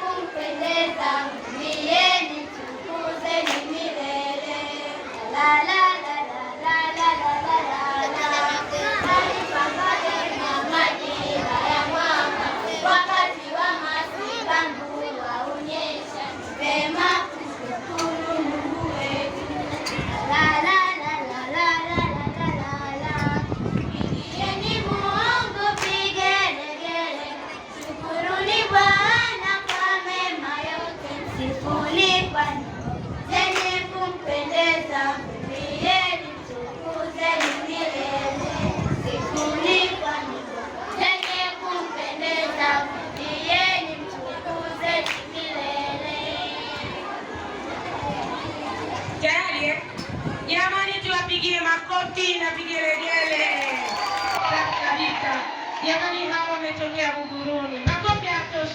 kumpendeza, mieni tukuzeni La la Martina Pigliere Sacca vita, chiamami mamma e torniamo buroni, ma compiato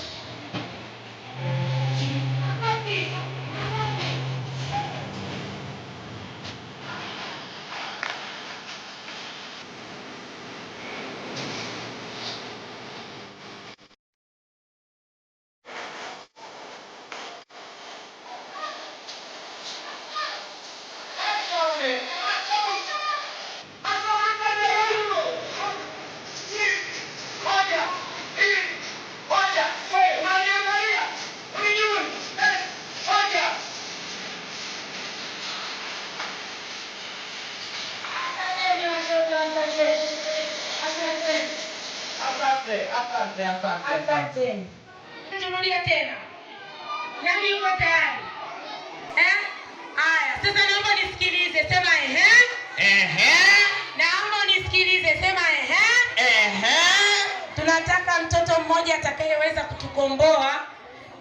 Asante, asante, asante. Asante. Turudia tena. Nani yuko tayari? Eh? Haya, sasa naomba nisikilize, sema ehe. Ehe. Naomba nisikilize, sema ehe. Ehe. Tunataka mtoto mmoja atakayeweza kutukomboa.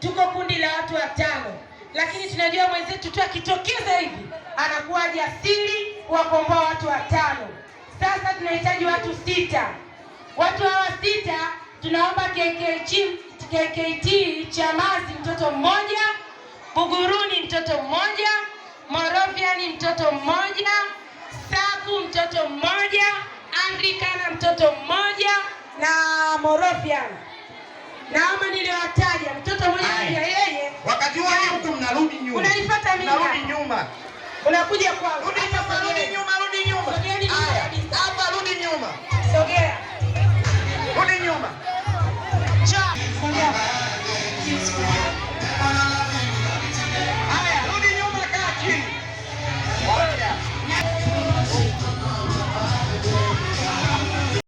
Tuko kundi la watu watano. Lakini tunajua mwenzetu tu akitokeza hivi anakuwa jasiri kuwakomboa watu watano. Sasa tunahitaji watu sita. Watu hawa sita tunaomba KKT, KKT Chamazi mtoto mmoja, Buguruni mtoto mmoja, Moroviani mtoto mmoja, Saku mtoto mmoja, Anglikana mtoto mmoja na Morofia. Naomba niliwataja mtoto mmoja pia yeye. Wakati huo yaani, huko mnarudi nyuma. Unanifuata mimi. Narudi nyuma. Unakuja kwa rudi nyuma, rudi nyuma, rudi nyuma. Hapa rudi nyuma. Sogea.